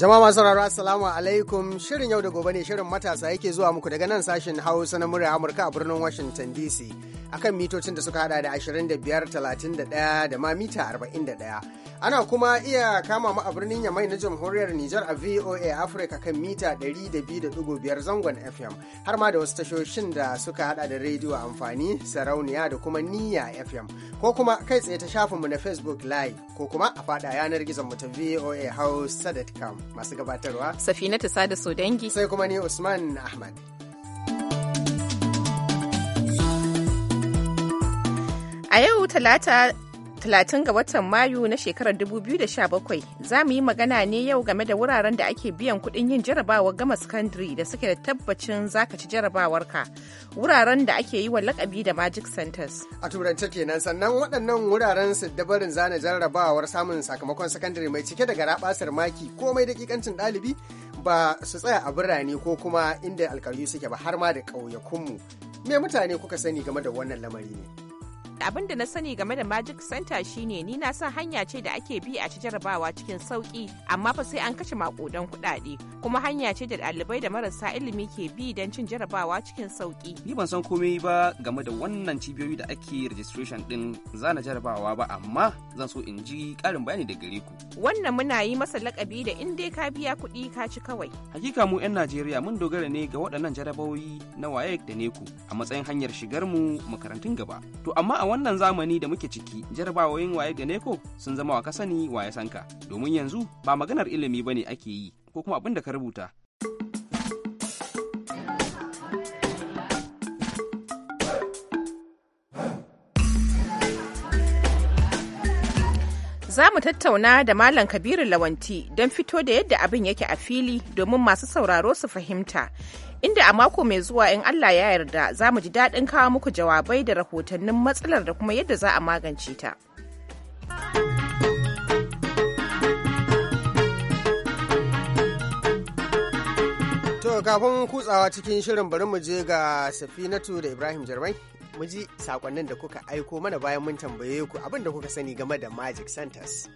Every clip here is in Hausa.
Jama'a masu sauraro Assalamu alaikum shirin yau da gobe ne shirin matasa yake zuwa muku daga nan sashen Hausa na murya Amurka a birnin Washington DC akan mitocin da suka hada da 25, 31 da ma mita 41. Ana kuma iya kama mu a birnin Yamai na Jamhuriyar Nijar a VOA Africa kan mita biyar zangon FM har ma da wasu tashoshin da suka hada da rediyo amfani sarauniya da kuma niyya FM ko kuma kai tsaye ta shafinmu na Facebook Live ko kuma a fada yanar gizon mu ta VOA Hausa.com masu gabatarwa. Safinatu Sada dangi. Sai kuma ni Usman Ahmad. A yau talata 30 ga watan Mayu na shekarar 2017 za mu yi magana ne yau game da wuraren da ake biyan kuɗin yin jarabawar gama sakandare da suke da tabbacin zaka ci jarabawarka wuraren da ake yi wa lakabi da Magic Centers. A turance kenan sannan waɗannan wuraren su dabarin zana jarabawar samun sakamakon sakandare mai cike da garaɓasar maki komai da dakikancin ɗalibi ba su tsaya a birane ko kuma inda alkalu suke ba har ma da ƙauyakunmu. Me mutane kuka sani game da wannan lamari ne? abin da na sani game da magic center shine ni na san hanya ce da ake bi a ci jarabawa cikin sauki amma fa sai an kashe makudan kuɗaɗe kuma hanya ce da ɗalibai da marasa ilimi ke bi don cin jarabawa cikin sauki ni ban san komai ba game da wannan cibiyoyi da ake registration din zana jarabawa ba amma zan so in ji ƙarin bayani da gare ku wannan muna yi masa lakabi da in dai ka biya kuɗi ka ci kawai hakika mu 'yan najeriya mun dogara ne ga waɗannan jarabawoyi na waye da neku a matsayin hanyar shigar mu makarantun gaba to amma wannan zamani da muke ciki jarabawoyin waye gane ko sun zama wa kasani waye sanka domin yanzu ba maganar ilimi ba ne ake yi ko kuma abin da ka rubuta za mu tattauna da Malam Kabiru Lawanti don fito da yadda abin yake a fili domin masu sauraro su fahimta. inda a mako mai zuwa in Allah ya yarda za mu ji daɗin kawo muku jawabai da rahotannin matsalar da kuma yadda za a magance ta. To kafin kutsawa cikin shirin bari mu je ga Safinatu da Ibrahim Jarmai mu ji sakonnin da kuka aiko mana bayan mun tambaye ku abin da kuka sani game da Magic Centers.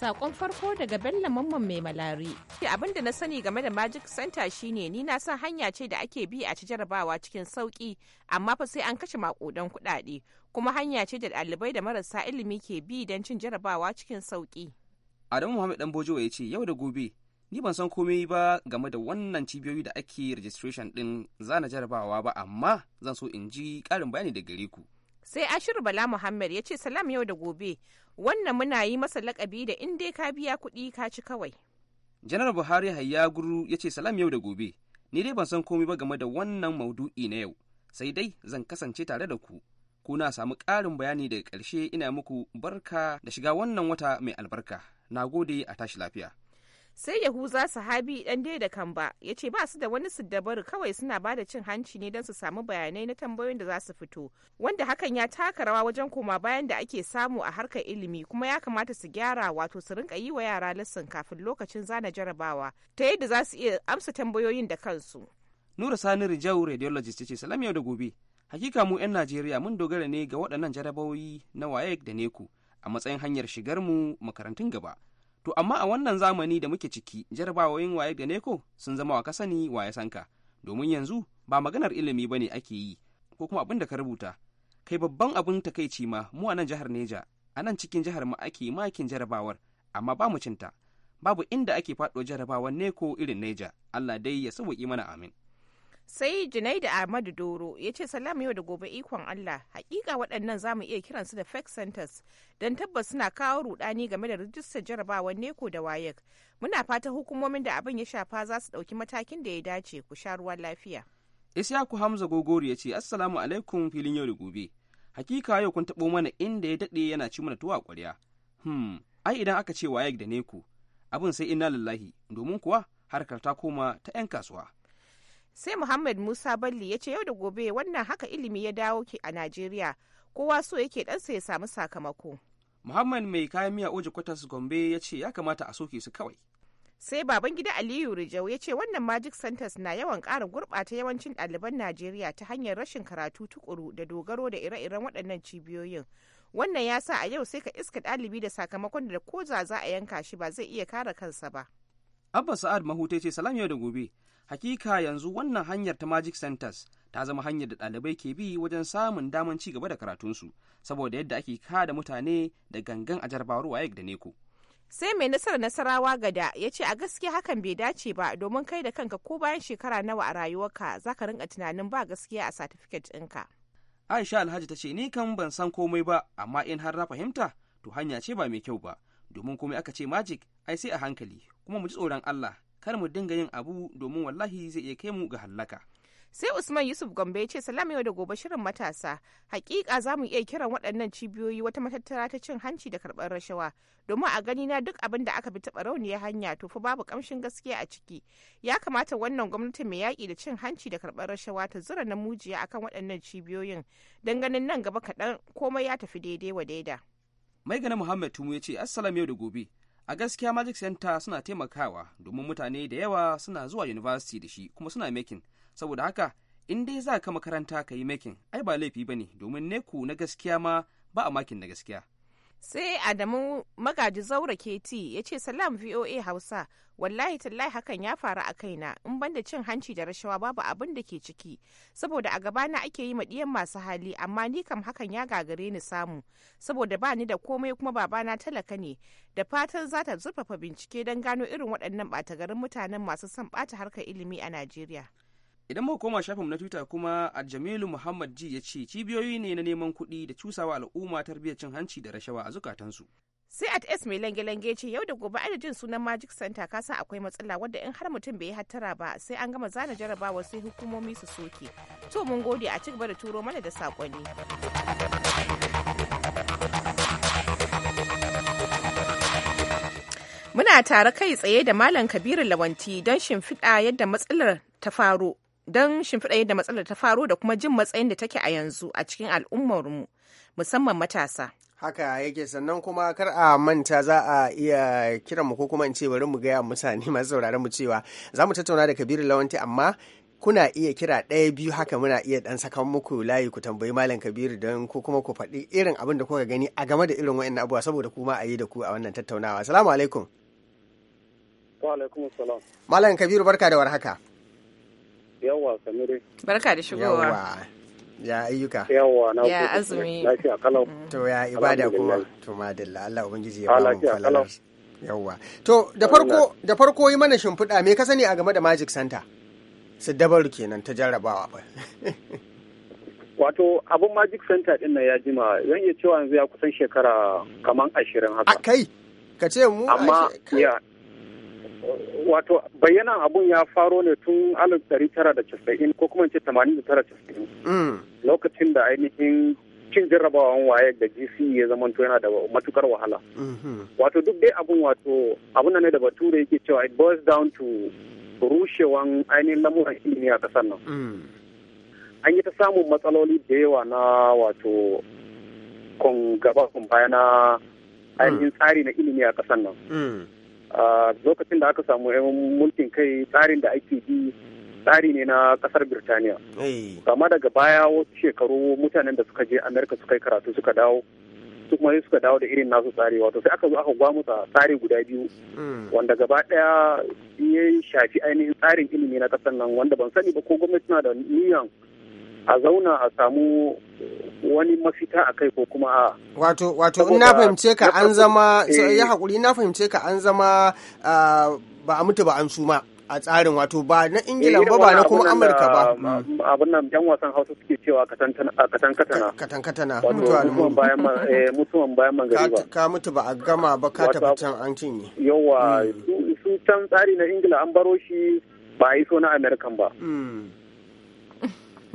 Sakon farko daga Bello Mamman mai malari. Abin da na sani game da Magic Center shine ni na san hanya ce da ake bi a ci jarabawa cikin sauki amma fa sai an kashe makudan kuɗaɗe kuma hanya ce da ɗalibai da marasa ilimi ke bi don cin jarabawa cikin sauki. Adamu Muhammad Dan Bojo ya ce yau da gobe ni ban san komai ba game da wannan cibiyoyi da ake registration din zana jarabawa ba amma zan so in ji ƙarin bayani da gare ku. sai ashiru bala muhammad ya ce salam yau da gobe wannan muna yi masa lakabi da in dai ka biya kuɗi ka ci kawai janar buhari hayyaguru ya ce salam yau da gobe ni dai ban san komai ba game da wannan maudu'i na yau sai dai zan kasance tare da ku na samu ƙarin bayani daga ƙarshe ina muku barka da shiga wannan wata mai albarka na gode a tashi lafiya sai yahuza sahabi dan dai da kamba ya ce ba su da wani siddabaru kawai suna ba da cin hanci ne don su samu bayanai na tambayoyin da za su fito wanda hakan ya taka rawa wajen koma bayan da ake samu a harkar ilimi kuma ya kamata su gyara wato su rinka yi wa yara lissin kafin lokacin zana jarabawa ta yadda za su iya amsa tambayoyin da kansu nura sani rijau radiologist ce salam yau da gobe hakika mu 'yan najeriya mun dogara ne ga waɗannan jarabawoyi na waec da neku a matsayin hanyar shigar mu makarantun gaba To amma a wannan zamani da muke ciki jarabawoyin waye da neko sun zama wa kasani waye sanka domin yanzu ba maganar ilimi ba ne ake yi ko kuma abin da ka rubuta kai babban abin takaici ma mu a nan jihar Neja a nan cikin jihar mu ake makin jarabawar amma ba mu cinta babu inda ake faɗo jarabawar neko irin Neja Allah dai ya sauƙi mana amin sai junaida ahmadu doro ya ce salam yau da gobe ikon allah hakika waɗannan za mu iya kiransu da fake centers don tabbas suna kawo rudani game da rijistar jarabawar neko da wayek muna fata hukumomin da abin ya shafa za su ɗauki matakin da ya dace ku sha ruwan lafiya isyaku hamza gogori ya ce assalamu alaikum filin yau da gobe hakika yau kun taɓo mana inda ya daɗe yana ci mana tuwa ƙwarya hmm ai idan aka ce wayek da neko abin sai inna lillahi domin kuwa harkar ta koma ta 'yan kasuwa sai muhammad musa balli ya ce yau da gobe wannan haka ilimi ya dawo ke a najeriya kowa so yake ɗansa ya samu sakamako muhammad mai kayan miya oji kwatas gombe ya ce ya kamata a soke su kawai sai baban gida aliyu rijau ya ce wannan magic centers na yawan ƙara gurɓata yawancin ɗaliban najeriya ta hanyar rashin karatu tukuru da dogaro da ire-iren waɗannan cibiyoyin wannan ya sa a yau sai ka iska ɗalibi da sakamakon da ko za a yanka shi ba zai iya kare kansa ba abba sa'ad mahuta ce salam yau da gobe Hakika yanzu wannan hanyar ta Magic Centers ta zama hanyar da ɗalibai ke bi wajen samun daman ci gaba da karatunsu saboda yadda ake kada mutane da gangan a jarabawar wayek da neko. sai mai nasara nasarawa gada ya ce a gaskiya hakan bai dace ba domin kai da kanka ko bayan shekara nawa a rayuwarka za ka rinka tunanin ba gaskiya a satifiket ɗinka. aisha alhaji ta ce ni kan ban san komai ba amma in har na fahimta to hanya ce ba mai kyau ba domin komai aka ce magic ai sai a hankali kuma mu ji tsoron allah kar mu dinga yin abu domin wallahi zai iya kai mu ga hallaka sai usman yusuf gombe ya ce salam yau da gobe shirin matasa hakika za mu iya kiran waɗannan cibiyoyi wata matattara ta cin hanci da karɓar rashawa domin a gani na duk abin da aka bi taɓa rauniyar hanya to fa babu ƙamshin gaskiya a ciki ya kamata wannan gwamnati mai yaƙi da cin hanci da karɓar rashawa ta zura na mujiya akan waɗannan cibiyoyin don ganin nan gaba kaɗan komai ya tafi daidai wa daida. mai gana muhammad tumu ya ce assalamu yau da gobe a gaskiya magic center suna taimakawa domin mutane da yawa suna zuwa university da shi kuma suna making saboda haka in dai za ka makaranta ka yi making ai ba laifi ba ne domin neku na gaskiya ma ba a makin na gaskiya sai adamu magaji zaura keti ya ce salam voa hausa wallahi tallahi hakan ya faru a kaina in banda cin hanci da rashawa babu abin da ke ciki saboda a gabana ake yi maɗiyan masu hali amma ni kam hakan ya gagare ni samu saboda ba ni da komai kuma babana talaka ne da fatan za ta zurfafa bincike don gano irin waɗannan ɓata garin mutanen masu son ɓata harkar ilimi a najeriya idan muka koma shafin na twitter kuma aljamilu jamilu muhammad ji ya ce cibiyoyi ne na neman kuɗi da cusawa al'umma tarbiyyar cin hanci da rashawa a zukatansu sai at s mai lange-lange ce yau da gobe adadin sunan magic center kasan akwai matsala wadda in har mutum bai yi hattara ba sai an gama zana jarabawa sai hukumomi su soke to mun gode a ci gaba da turo mana da sakonni Muna tare kai tsaye da Malam Kabiru Lawanti don shimfiɗa yadda matsalar ta faro don shimfiɗa yadda matsalar ta faru da kuma jin matsayin da take a yanzu a cikin al'ummarmu musamman matasa. haka yake sannan kuma kar a manta za a iya kiran mu ko kuma in ce bari mu gaya mutane masu sauraron mu cewa za mu tattauna da kabiru lawanti amma kuna iya kira ɗaya biyu haka muna iya ɗan sakan muku layi ku tambayi malam kabiru don ko kuma ku faɗi irin abin da kuka gani a game da irin wa'annan abubuwa saboda kuma a yi da ku a wannan tattaunawa salamu alaikum wa alaikum salam malam kabiru barka da warhaka Yawwa, sami Barka da shigowa. Yawwa. Ya ayyuka. Yawwa, na Ya azumi. Lafiya kalau. Mm. To ya ibada kuma. To madalla, Allah ubangiji ya ah, ba mu falalar. Yawwa. To da farko da farko yi mana shimfiɗa me ka sani a game da Magic Center? su dabar kenan ta jarrabawa ba. wato abun magic center din nan ya jima zan iya cewa yanzu ya kusan shekara kaman ashirin haka akai ka ce mu amma ya wato bayanan abun ya faro ne tun alif dari tara da casa'in ko kuma ce tamanin da tara casa'in mm. lokacin da ainihin cin jarrabawan waye da gc ya zamanto yana da matukar wahala mm-hmm. wato duk dai abun wato abun ne da bature yake cewa it boils down to rushewan ainihin lamuran ilimi a kasar nan mm. an yi ta samun matsaloli da yawa na wato kun gaba kun baya na mm. ainihin tsari na ilimi a kasar nan lokacin da aka samu yan mulkin kai tsarin da ake bi tsari ne na kasar birtaniya kama daga baya wasu shekaru mutanen da suka je amerika suka yi karatu suka dawo su kuma suka dawo da irin nasu tsari wato sai aka zo aka gwamutsa tsari guda biyu hmm. wanda gaba daya ya shafi ainihin tsarin ilimi na kasar nan wanda ban sani ba ko gwamnati na da niyan a zauna a samu wani mafita a kai ko kuma a wato wato in eh. na fahimce ka an zama ya hakuri na fahimce ka an zama ba a mutu ba an suma a tsarin wato ba na eh, ingila ba ba na kuma amurka ba mm. mm, abin nan jan wasan hausa suke cewa katan katana katan katana mutuwa eh, mutuwan bayan mangari ka mutu ba a gama ba ka tafi can an cinye yawa mm. su can tsari na ingila an baro shi ba a yi so na Amurkan ba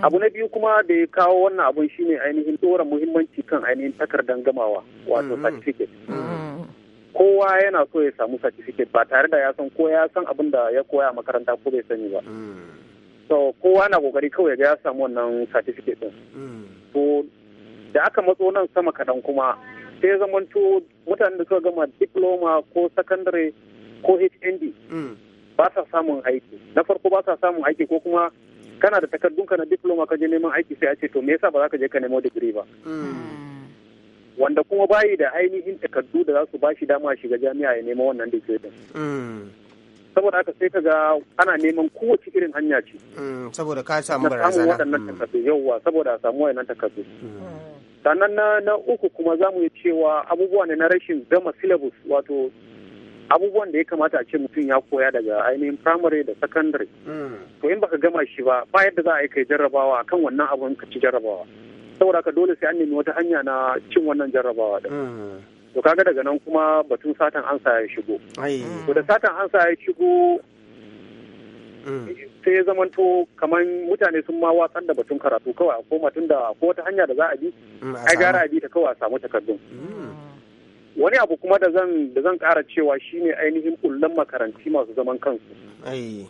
abu na biyu kuma da ya kawo wannan abun shine ainihin tsoron muhimmanci kan ainihin takardar gamawa wato mm-hmm. certificate mm-hmm. kowa yana so ya samu certificate ba tare da ya san ko ya san abin da ya koya a makaranta ko bai sani ba mm-hmm. so kowa na kokari kawai ga ya samu wannan certificate din to da aka matso nan sama kadan kuma sai zamanto mutane da suka gama diploma ko secondary ko hnd ba sa samun aiki na farko ba sa samun aiki ko kuma kana da takardunka na diploma ka je neman aiki sai a ce to me yasa ba za ka je ka nemo digiri ba hmm. wanda kuma bayi da ainihin takardu da za su ba shi dama shiga jami'a ya nema wannan digiri din hmm. saboda haka sai kaga ana neman kowace irin hanya ce hmm, saboda ka samu barazana na samun waɗannan takardu yauwa saboda a samu waɗannan takardu sannan na uku kuma za mu yi cewa abubuwa ne na rashin gama syllabus wato abubuwan da ya kamata a ce mutum ya koya daga ainihin primary da secondary to in baka gama shi ba ba yadda za a yi kai jarrabawa kan wannan abun ka ci jarrabawa saboda ka dole sai an nemi wata hanya na cin wannan jarrabawa da to kaga daga nan kuma batun satan ansa ya shigo to da satan ansa ya shigo mm. sai ya zamanto kamar mutane sun ma watsar da batun karatu kawai a matun da ko wata hanya da za a bi mm, ai gara a bi ta kawai a samu takardun mm. wani abu kuma da zan da zan kara cewa shine ainihin kullan makaranti masu zaman kansu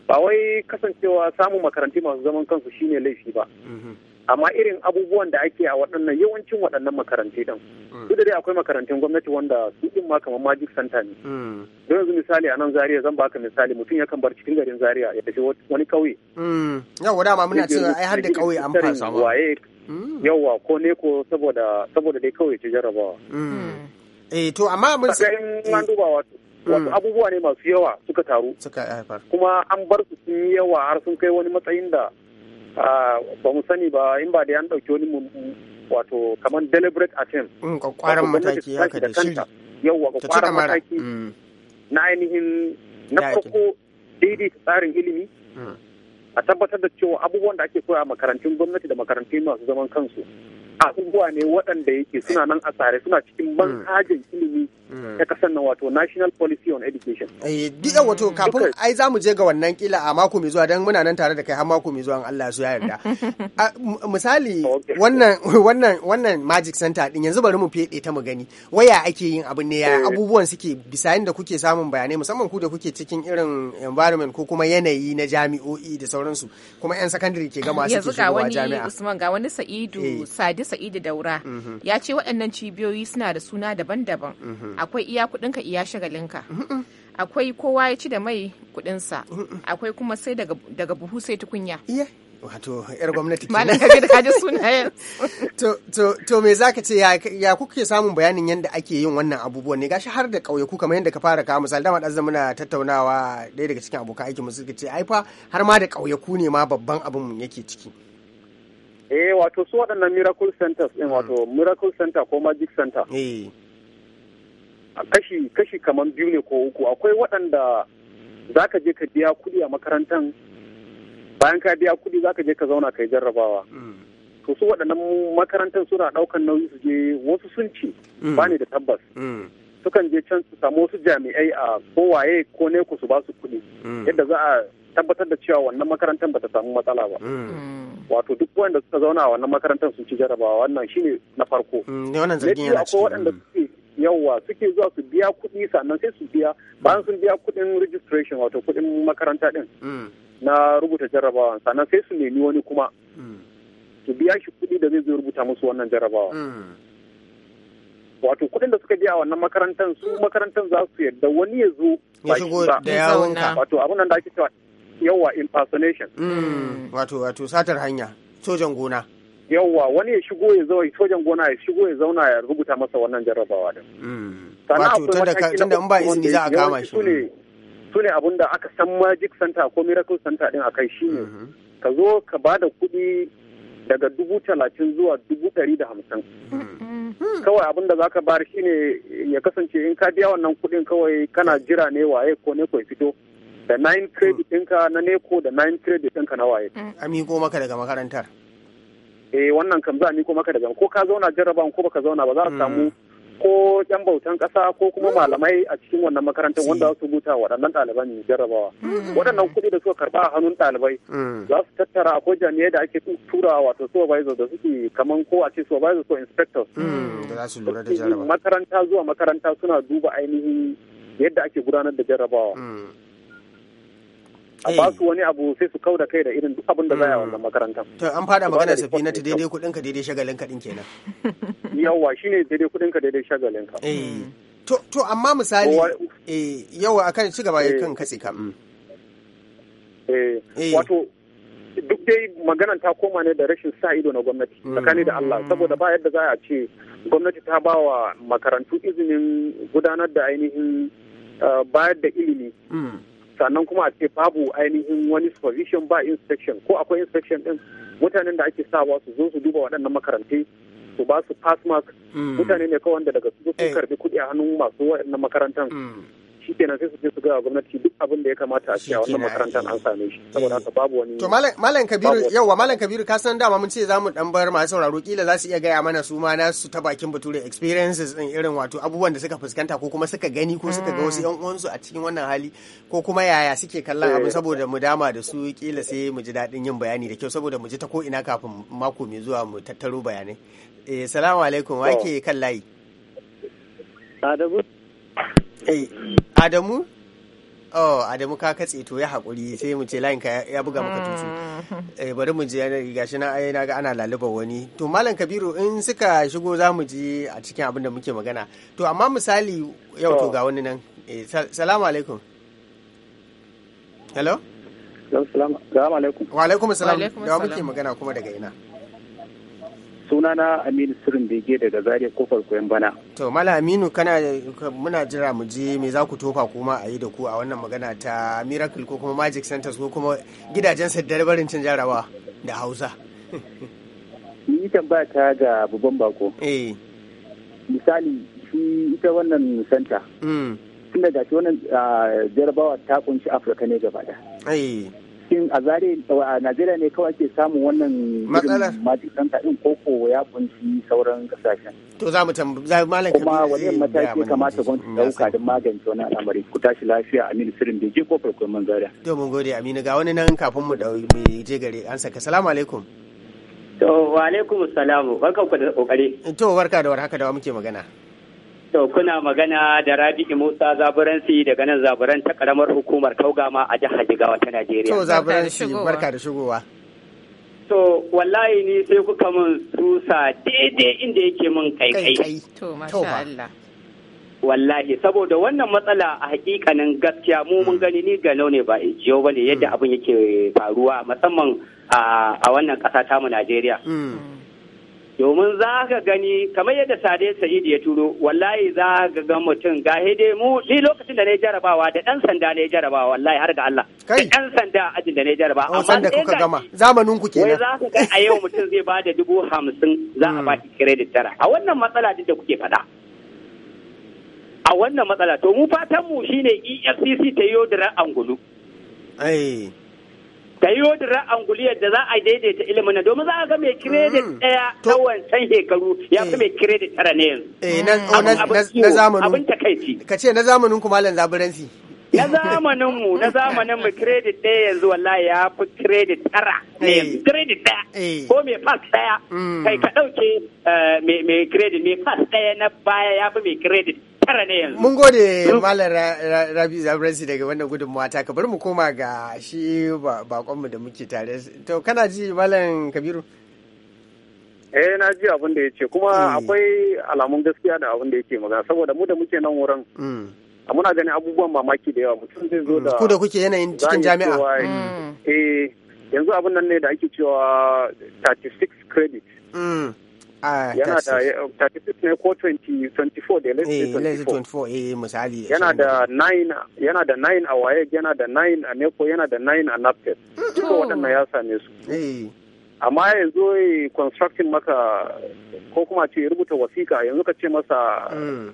ba wai kasancewa samun makaranti masu zaman kansu shine laifi ba mhm. amma irin abubuwan da ake a waɗannan yawancin waɗannan makaranti ɗin mm. duk da dai akwai makarantun gwamnati wanda su ɗin ma kamar magic center ne mm. don yanzu misali a nan zaria zan baka misali mutum yakan bar cikin garin zaria ya tafi wani ƙauye mm. yawa dama muna ce ai har da ƙauye an fasa waye yawa ko ne ko saboda saboda dai kawai ce jarabawa eh to amma mun sai in an duba wato mm. wato abubuwa ne masu yawa suka taru suka haifar eh, kuma an bar su sun yawa har sun kai wani matsayin da ba mu sani ba in ba da an dauki wani wato kamar deliberate mm, attempt kwakwaran mataki haka da shiri yawa kwakwaran mataki mm. na ainihin na farko daidai tsarin ilimi a tabbatar da cewa abubuwan da ake koya a makarantun gwamnati da makarantun masu zaman kansu abubuwa ne waɗanda yake suna nan a tsare suna cikin ban manhajin mm. ilimi mm. ta kasar nan wato national policy on education eh wato kafin ai za mu je ga wannan kila a mako mai zuwa don muna nan tare da kai har mako mai zuwa Allah su ya yarda misali wannan magic center din yanzu bari mu fede ta mu gani waya ake yin abin ne ya eh. abubuwan suke bisayin da kuke samun bayanai musamman ku da kuke cikin irin environment ko kuma yanayi na jami'o'i da sauran sauransu kuma yan sakandare ke gama suke zuwa jami'a yanzu ga Usman ga wani Sa'idu eh. Sadi Sa'idu Daura mhm. ya ce waɗannan cibiyoyi suna da suna daban-daban mhm. akwai iya kuɗinka iya shagalin ka mhm. akwai kowa ya ci da mai kuɗinsa akwai kuma sai daga buhu sai tukunya wato yar gwamnati malam kabir ka ji sunayen to to to me zaka ce ya ya kuke samun bayanin yadda ake yin wannan abubuwan ne gashi har da ƙauyaku kamar yadda ka fara kawo misali dama ɗazza muna tattaunawa ɗaya daga cikin abokan aikin mu suka ce ai fa har ma da ƙauyaku ne ma babban abin mu yake ciki eh wato su waɗannan miracle centers ɗin wato hmm. miracle center ko magic center eh kashi kashi kaman biyu ne ko uku akwai waɗanda zaka je ka biya kuɗi a makarantan bayan ka biya kuɗi zaka je ka zauna kai jarrabawa mm. to su waɗannan makarantar suna ɗaukan nauyi su je wasu sun ci mm. ba ni da tabbas mm. sukan je can su samu wasu jami'ai a waye ko ne ku su ba su kuɗi yadda za a tabbatar da cewa wannan makarantar ba ta samu matsala ba wato duk wanda suka zauna a wannan makarantar sun ci jarabawa wannan shine na farko wannan zargin yana cikin waɗanda suke yawa suke zuwa su biya kuɗi sannan sai su biya bayan sun biya kuɗin registration wato kuɗin makaranta din na rubuta jarrabawa sannan sai su nemi wani kuma hmm. su biya shi kuɗi da zai zo rubuta musu wannan jarrabawa hmm. wato kuɗin da suka je a wannan makarantar su makarantar za su yadda wani ya zo da yawonka wato abin da ake cewa yawa impersonation hmm. wato wato satar hanya sojan gona yawa wani ya shigo ya zo sojan gona ya shigo ya zauna ya rubuta masa wannan jarrabawa din wato tunda in ba izini za a kama shi su ne abun da aka san magic center ko miracle center din akai shi ne mhm. ka zo ka ba da kuɗi daga dubu talatin zuwa dubu ɗari da hamsin mhm. kawai abin da za ka bar shi ne ya kasance in ka biya wannan kuɗin kawai kana jira ne waye ko ne ko fito da nine credit ɗinka na neko da nine credit ɗinka na waye mm. a miko maka daga makarantar eh wannan kan za a miko maka daga ko ka zauna jarrabawan ko baka zauna ba za a mm. samu ko yan bautan ƙasa ko kuma malamai a cikin wannan makarantar wanda su buta waɗannan ɗaliban jarrabawa hmm. waɗannan kuɗi da suka karɓa a hannun ɗalibai hmm. za su tattara akwai jami'ai da ake tura wato supervisor da suke kaman ko a ce supervisor ko inspector hmm, makaranta zuwa makaranta suna duba ainihin yadda ake gudanar da jarrabawa a eh. ba su wani abu sai su da kai da irin duk abin da za a wannan mm. makarantar. To an fada magana safi na ta daidai kudin ka daidai shagalin ka din kenan. Yawwa shine daidai kudin ka daidai shagalin ka. Eh. To to amma misali eh yawa akan ci gaba eh. kan katse ka. Mm. Eh wato duk dai maganan ta koma ne da rashin sa ido na gwamnati mm. tsakani da Allah saboda ba yadda za a ce gwamnati ta ba wa makarantu izinin gudanar da ainihin bayar da ilimi sannan kuma a ce babu ainihin wani supervision ba inspection ko akwai inspection din mutanen da ake sawa su zo su duba waɗannan makarantai su ba su pass mark mm. mutane ne kawai wanda daga su eh. karbi kuɗi a hannun masu waɗannan makarantar. Mm. shi kenan sai su je su ga gwamnati duk abin da ya kamata a cewa wannan makarantar an same shi saboda haka babu wani to malam kabiru wa malam kabiru ka san dama mun ce za mu dan bar masu sauraro kila za su iya gaya mana su ma na su ta bakin bature experiences din irin wato abubuwan da suka fuskanta ko kuma suka gani ko suka ga wasu yan mm. uwansu a cikin wannan hali ko kuma yaya suke kallon abin eh. saboda mu dama da su kila sai mu ji daɗin yin bayani da kyau saboda mu ji ta ko ina kafin mako mai zuwa mu tattaro bayanai eh salamu alaikum wake kan layi Eh, Adamu? Oh, Adamu ka katse to ya haƙuri sai mu ce layin ka ya buga maka hmm. tutu. Eh, bari mu je gashi na ai naga ana laluba wani. To Malam Kabiru in suka shigo za mu ji a cikin abin da muke magana. To amma misali yau to ga wani nan. Eh, salamu alaikum. Hello? Salamu alaikum. Wa alaikum salam. Da muke magana kuma daga ina. sunana aminu sirin bege daga zaria kofar koyon bana to mala aminu kana muna jira mu je me za ku tofa kuma a yi da ku a wannan magana ta miracle ko kuma magic centers ko kuma gidajen saddar barin cin jarawa da hausa ni tambaya ta ga babban bako eh misali shi ita wannan center mm. tun da gashi wannan ah, jarabawa ta kunshi afirka ne gaba da shin a zare a najeriya ne kawai ke samun wannan matsalar maji dan kaɗin koko ya kunshi sauran kasashen to za mu tambayi malam kuma wani mataki kamata gwamnati ɗauka da magance wani al'amari ku tashi lafiya aminu sirin da ke kofar kuma manzariya to mun gode aminu ga wani nan kafin mu mu je gare an saka salamu alaikum to wa alaikum salamu barka ku da kokari to barka da warhaka da muke magana To kuna magana da Rabi'u Musa Zaburansi daga nan Zaburan ta karamar hukumar Kaugama a jihar Jigawa ta Najeriya. To Zaburansi barka da shigowa. To wallahi ni sai kuka mun susa daidai inda yake min kaikai. To masha Allah. wallahi saboda wannan matsala a hakikanin gaskiya mu mun mm. gani ni ga ne ba ba ne yadda mm. abin yake faruwa musamman a wannan kasa ta mu Najeriya. Mm. domin za ka gani kamar yadda sade Sayidi ya turo wallahi za ka ga mutum ga dai mu ni lokacin da na jarabawa da dan sanda na jarabawa wallahi har ga Allah da dan sanda ajin da na jarabawa oh, amma sanda kuka gama zamanin ku kenan wai za ka ga a yau mutum zai bada dubu hamsin za a baki credit tara a wannan matsala duk da kuke faɗa a wannan matsala to mu fatan mu shine EFCC ta yi yodirar angulu ta yi wadda guliyar da za a daidaita ilimin domin za a ga mai kredit mm. ɗaya na wancan shekaru ya fi eh. mai kredit tara ne yanzu. Eh, na zamanin. Abin takaici. Ka ce na zamanin kuma lan Zaburansi. Na zamanin mu na zamanin mu ɗaya yanzu wallahi ya fi kredit tara ne eh. kredit ɗaya ko mai fas ɗaya mm. kai ka ɗauke mai kredit mai fas ɗaya na baya ya fi mai kredit tara ne yanzu. Mun gode Malam Rabi Zabransi daga wannan gudunmawa ta ka bari mu koma ga shi bakonmu da muke tare. To kana ji Malam Kabiru? Eh na ji abin da ya ce kuma hmm. akwai alamun gaskiya da abin da yake magana saboda mu da muke nan wurin. Hmm. a muna ganin abubuwan mamaki da yawa mutum zai zo hmm. da ku da kuke yanayin cikin jami'a eh yanzu abin nan ne da ake cewa 36 credit yana da eh, da 24 eh, eh misali yana da 9 a waye yana da 9 a neko yana da 9 a duka waɗannan ya same su eh. amma yanzu constructing maka ko kuma ce rubuta wasiƙa yanzu ka ce masa mm.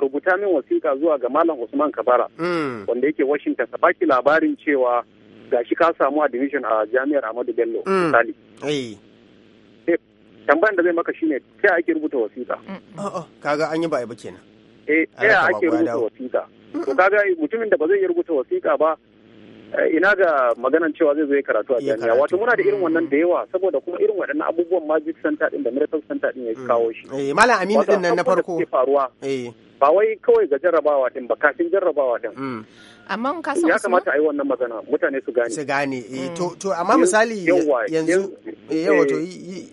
rubuta min wasiƙa zuwa ga malam usman kabara mm. wanda yake washington ka baki labarin cewa gashi ka samu admission a jami'ar amadu bello mm. misali tambayan da zai maka shine ta ake rubuta wasiƙa kaga an yi ba kenan eh ta ake rubuta wasiƙa to kaga mutumin da ba zai rubuta wasiƙa ba Eh, ina ga maganan cewa zai zo ya karatu a jami'a wato muna da irin wannan mm. da yawa saboda kuma irin waɗannan abubuwan magic center din da miracle center din ya mm. kawo shi eh malam aminu din nan na farko eh ba wai kawai ga jarrabawa din ba kafin jarrabawa din mm. amma ka san ya kamata a yi wannan magana mutane su gane su gane eh, to to amma misali yanzu yawa eh, to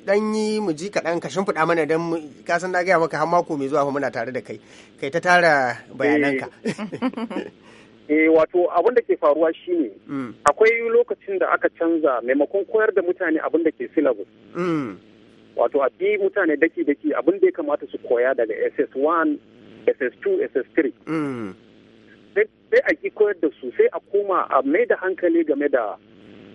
dan yi mu ji kaɗan ka shimfiɗa mana dan ka san na gaya maka har mako mai zuwa fa muna tare da kai kai ta tara bayananka E wato abin da ke faruwa shine mm. akwai lokacin da aka canza maimakon koyar da mutane abin da ke syllabus. Mm. Wato a bi mutane daki-daki abin da ya kamata su koya daga SS1, SS2, SS3. Sai a ki koyar da su sai a koma a mai da hankali game da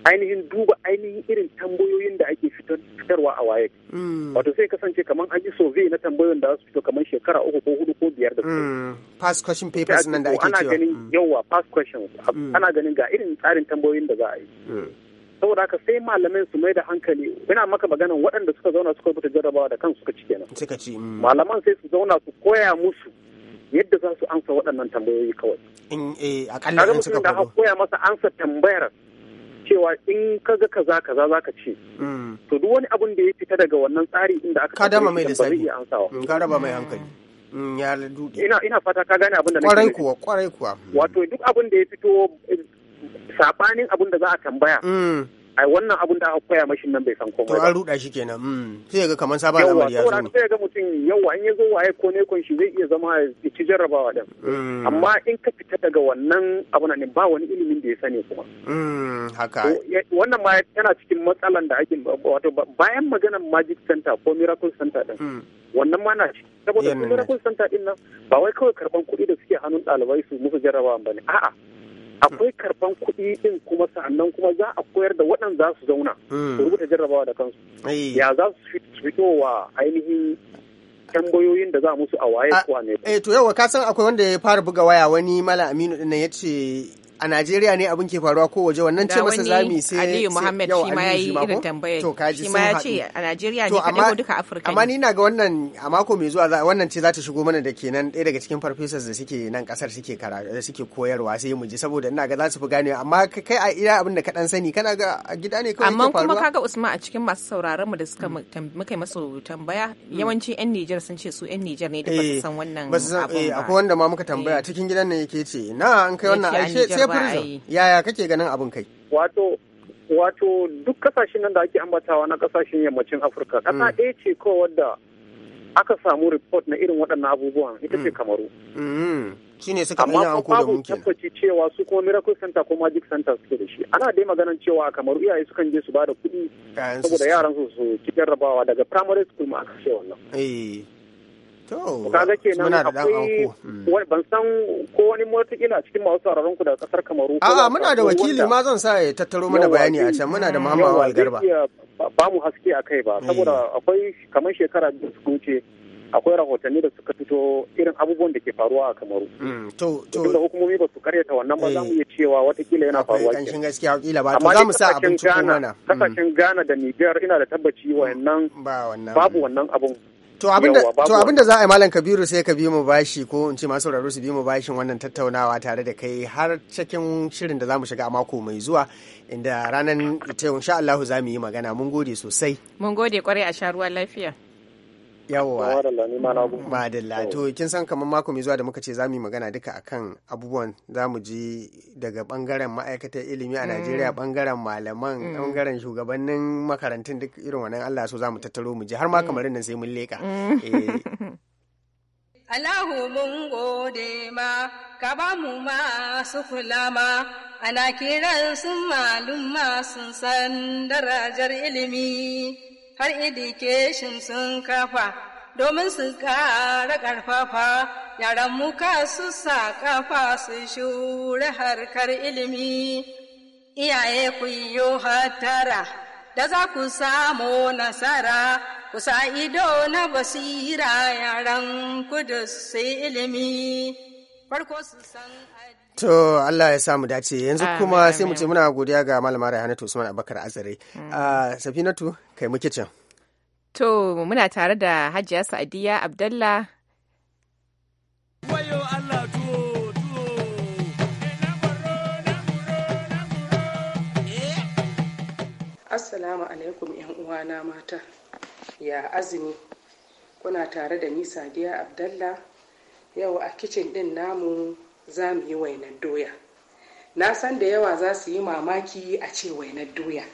ainihin duba ainihin irin tambayoyin da ake mm. fitarwa a waye. Mm. Wato sai kasance kamar an yi sove na tambayoyin da su fito kamar shekara uku ko hudu ko biyar da su. Mm. Past question papers nan da ake cewa. Ana ganin yawa past questions. Ana ganin ga irin tsarin tambayoyin da za a yi. saboda haka sai malamai su mai da hankali ina maka magana waɗanda suka zauna suka rubuta jarabawa da kansu suka ci kenan suka ci malaman sai su zauna su koya musu yadda za su ansa waɗannan tambayoyi kawai in eh akalla in suka koya masa ansa tambayar cewa in ka ga kaza kaza za ka ce mm. to duk wani abun da ya fita daga wannan tsari inda aka kada mai da sani mm, ka raba mai hankali mm, ya dude ina ina fata ka gane abin da nake kwarai kuwa kwarai kuwa wato duk abun da ya fito eh, sabanin abun da za a tambaya ai wannan abun da aka koya mashi nan bai san komai to an ruda shi kenan mm sai ga kaman sabon lamari ya zo yawa sai ga mutum yawa an yazo waye ko ne kun shi zai iya zama ya ci jarrabawa din hmm. amma in ka fita daga wannan abun ne ba wani ilimin da ya sani kuma mm haka wannan ma yana cikin matsalan da ake wato bayan maganar magic center ko miracle center din hmm. wannan ma na saboda miracle center din nan ba wai kawai karban kuɗi da suke hannun ɗalibai su musu jarrabawa ba ne a'a akwai karban kuɗi din kuma sannan kuma za a koyar da waɗanda za su zauna hmm. su rubuta jarrabawa da kansu ya za su fitowa ainihin tambayoyin da za musu a waye kuwa ne. Eh to yau ka san akwai wanda ya fara buga waya wani mala Aminu din nan ce. a Najeriya ne abin ke faruwa ko waje wannan ce masa zami sai Aliyu Muhammad shi ma yayi irin tambaya to kaji shi ma ya ce a Najeriya ne kuma duka Afirka amma ni na ga wannan a mako mai zuwa wannan ce za ta shigo mana da kenan ɗaya daga cikin professors da suke nan kasar suke karatu suke koyarwa sai mu ji saboda ina ga za su fi gane amma kai a iya abin da ka dan sani kana ga a gida ne kawai amma kuma kaga Usman a cikin masu sauraron mu da suka muka yi masa tambaya hmm. yawanci yan Niger sun ce su yan Niger ne da eh, ba su san wannan su san akwai wanda ma muka tambaya eh. cikin gidan ne yake ce na an kai wannan ashe sai prison yaya kake ganin abin kai wato wato duk kasashen nan da ake ambatawa na kasashen yammacin afirka kasa mm. ɗaya ce ko wadda aka samu report na irin waɗannan abubuwan ita ce mm. kamaru mm. shi ne suka ɗanya an tabbaci cewa su kuma miracle center ko magic center suke da shi ana dai maganan cewa a kamaru iyaye sukan je su ba da kuɗi saboda yaran su su ci jarrabawa daga primary school ma aka ce wannan eh. To, kaga kenan akwai wani ban san ko wani motakila cikin masu sauraron ku daga kasar Kamaru. A'a muna da wakili ma zan sa ya tattaro mana bayani a can muna da Muhammad Awal Garba. Ba mu haske a kai ba mm. saboda akwai kamar shekara biyu su wuce akwai rahotanni da suka fito irin abubuwan da ke faruwa a kamaru. Mm, to to da hukumomi ba su karyata wannan ba za mu eh. iya cewa watakila yana faruwa ke. Akwai gaskiya wakila ba to za mu sa abin cikin mana. Mm. Kasashen Ghana da Niger ina da tabbaci wayannan babu wannan abun. To abinda za a yi Malam Kabiru sai ka bi mu bashi ko in ce masu sauraro su bi mu bashin wannan tattaunawa tare da kai har cikin shirin da za mu shiga a mako mai zuwa inda ranar ita insha Allah za mu yi magana mun gode sosai. Mun gode kwarai a sha ruwan lafiya. ba da lato kin san kamar mako mai zuwa da muka ce za mu yi magana duka akan abubuwan za mu ji daga bangaren ma'aikatar ilimi a mm. najeriya bangaren malaman bangaren mm. shugabannin makarantun duk irin wannan allah so za mu tattaro mu ji har ma mm. kamar nan sai mun leka eh. Allahu mun gode ma, ka mu masu kulama ana kiran sun malum sun san darajar ilimi. har education sun kafa domin su ƙara ƙarfafa yaran muka su sa kafa su shura harkar ilimi iyaye ku yo hatara da za ku samu nasara ku sa ido na basira yaran ku da su ilimi farko su san To Allah ya samu dace yanzu kuma sai mu ce muna godiya ga malama Rayhanatu Usman Abubakar Azare. Mm. Ah, Safinatu kai muke can. To muna tare da Hajiya Sa'adiya Abdallah. Eh. Assalamu alaikum yan uwana mata. Ya azumi kuna tare da ni Sadiya Abdallah yau a kicin din namu za mu yi wainar doya na san da yawa za su yi mamaki a ce wainar doya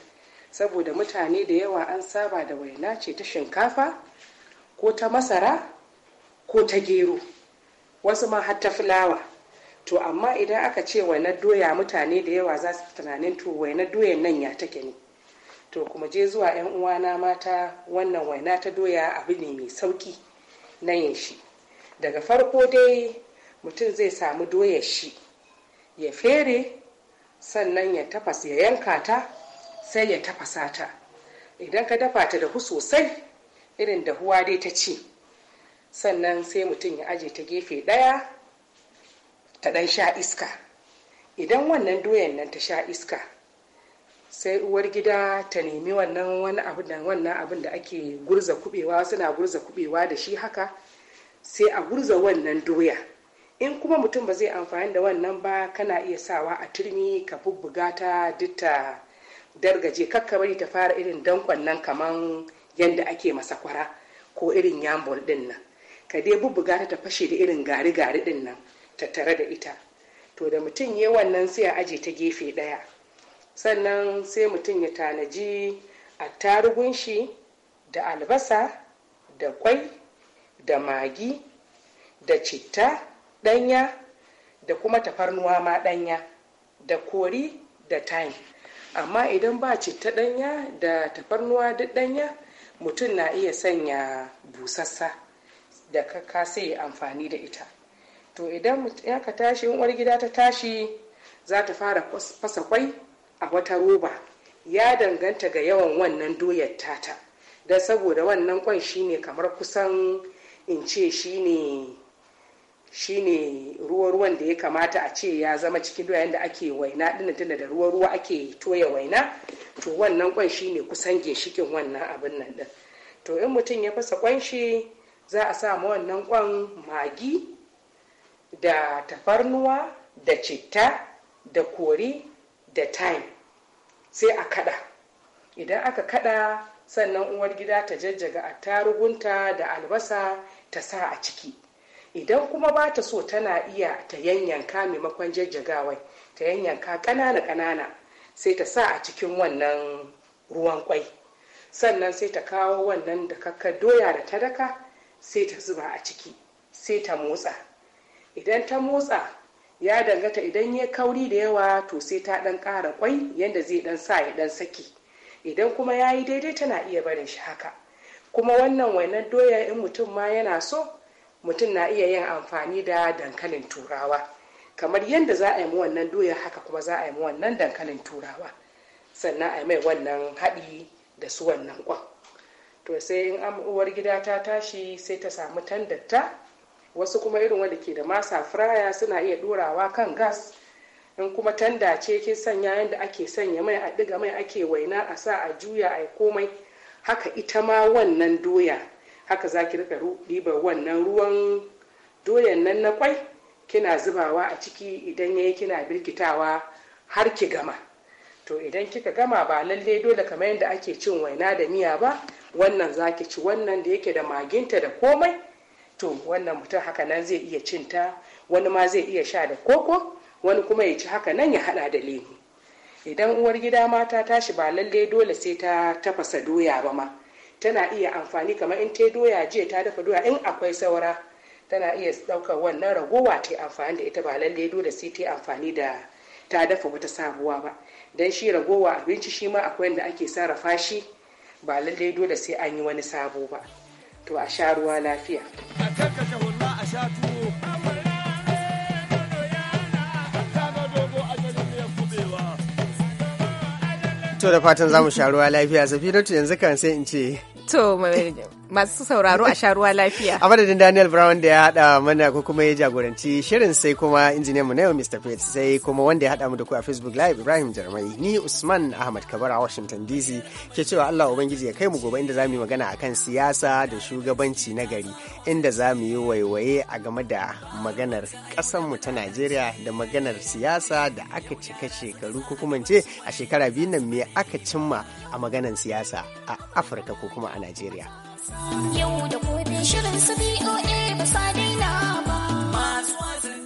saboda mutane da yawa an saba da waina ce ta shinkafa ko ta masara ko ta gero wasu ma har fulawa to amma idan aka ce wainar doya mutane da yawa za su tunanin to wainar doyan nan ya take ne to kuma je zuwa 'yan uwana mata wannan waina ta doya abu ne mai sauki na yin shi daga farko dai mutum zai samu doya shi ya fere sannan ya tafas ya yanka ta sai ya tafasa ta idan ka dafa ta dahu sosai irin dahuwa dai ta ce sannan sai mutum ya aje ta gefe ɗaya ta ɗan sha iska idan wannan doyan nan ta sha iska sai uwar gida ta nemi wannan wani abin da wannan abin da ake gurza kubewa suna gurza kubewa da shi haka sai a gurza wannan doya in kuma mutum ba zai amfani da wannan ba kana iya sawa a turmi ka bubbuga ta duk ta dargaje kakka bari ta fara irin dankon nan kaman yadda ake masa kwara ko irin yambol din nan ka dai bubbuga ta ta fashe da irin gari-gari din nan ta tare da ita to da mutum ya wannan sai a aje ta gefe ɗaya sannan sai mutum ya tanaji attarugun shi da albasa da kwai da magi da citta ɗanya da kuma tafarnuwa ma ɗanya da kori da thyme amma idan ba citta ɗanya da tafarnuwa duk ɗanya mutum na iya sanya busassa da kaka sai amfani da ita to idan ya ka tashi uwar gida ta tashi za ta fara fasa kwai a wata roba ya danganta ga yawan wannan doyar tata don saboda wannan kwan shine kamar kusan in ce shine shine ruwa-ruwan da ya kamata a ce ya zama cikin doya da ake waina din tunda da ruwa-ruwa ake toya waina to wannan kwan shine kusan ginshikin wannan abin nan din to in mutum ya fasa kwan shi za a sa ma wannan kwan magi da tafarnuwa da citta da kori da time sai a kada idan aka kada sannan uwar gida ta jajjaga attarugunta da albasa ta sa a ciki idan kuma ba ta so tana iya ta yanyanka maimakon jajjagawai ta yanyanka ƙanana ƙanana sai ta sa a cikin wannan ruwan kwai sannan sai ta kawo wannan da kakka doya da ta daka sai ta zuba a ciki sai ta motsa idan ta motsa ya dangata idan ya kauri da yawa to sai ta dan ƙara kwai yadda zai dan sa ya dan saki idan kuma ya yi daidai tana iya barin shi haka kuma wannan wannan doya in mutum ma yana so mutum na iya yin amfani da dankalin turawa kamar yadda za a yi wannan doyar haka kuma za a yi wannan dankalin turawa sannan a yi mai wannan haɗi da su wannan kwan to sai in uwar gida ta tashi sai ta samu tandatta wasu kuma irin wanda ke da masa firaya suna iya ɗorawa kan gas in kuma tanda ce kin sanya yadda ake sanya mai a ɗiga mai ake waina a sa a juya a yi komai haka ita ma wannan doya haka za ki rika ɗiban wannan ruwan doyan nan na kwai kina zubawa a ciki idan yayi kina birkitawa har ki gama to idan kika gama ba lallai dole kamar yadda ake cin waina da miya ba wannan za ki ci wannan da yake da maginta da komai to wannan mutum haka nan zai iya cin ta wani ma zai iya sha da koko wani kuma ya ci haka nan ya hada da lemu idan uwar gida mata tashi ba lallai dole sai ta tafasa doya ba ma tana iya amfani kamar in ta doya jiya ta dafa doya in akwai saura tana iya ɗaukar wannan ragowa ta amfani da ita ba lalle dole sai ta amfani da ta dafa wata sabuwa ba dan shi ragowa abinci shi ma akwai yadda ake sarrafa shi ba lalle dole sai an yi wani sabo ba to a sha ruwa lafiya a To da fatan za mu sha ruwa lafiya, Safinatu yanzu kan sai in ce To masu sauraro a sharuwa lafiya. A madadin Daniel Brown da ya haɗa mana ko kuma ya jagoranci shirin sai kuma injiniyan mu na yau Mr. Pete sai kuma wanda ya hada mu da ku a Facebook Live Ibrahim Jarmai ni Usman Ahmad Kabara a Washington DC ke cewa Allah Ubangiji ya kai mu gobe inda za mu yi magana akan siyasa da shugabanci na gari inda za mu yi waiwaye a game da maganar mu ta Najeriya da maganar siyasa da aka cika shekaru ko kuma ce a shekara biyu nan me aka cimma a maganar siyasa a Afirka ko kuma a Najeriya. Yau da shirin su BOA ba sa daina ba. Masu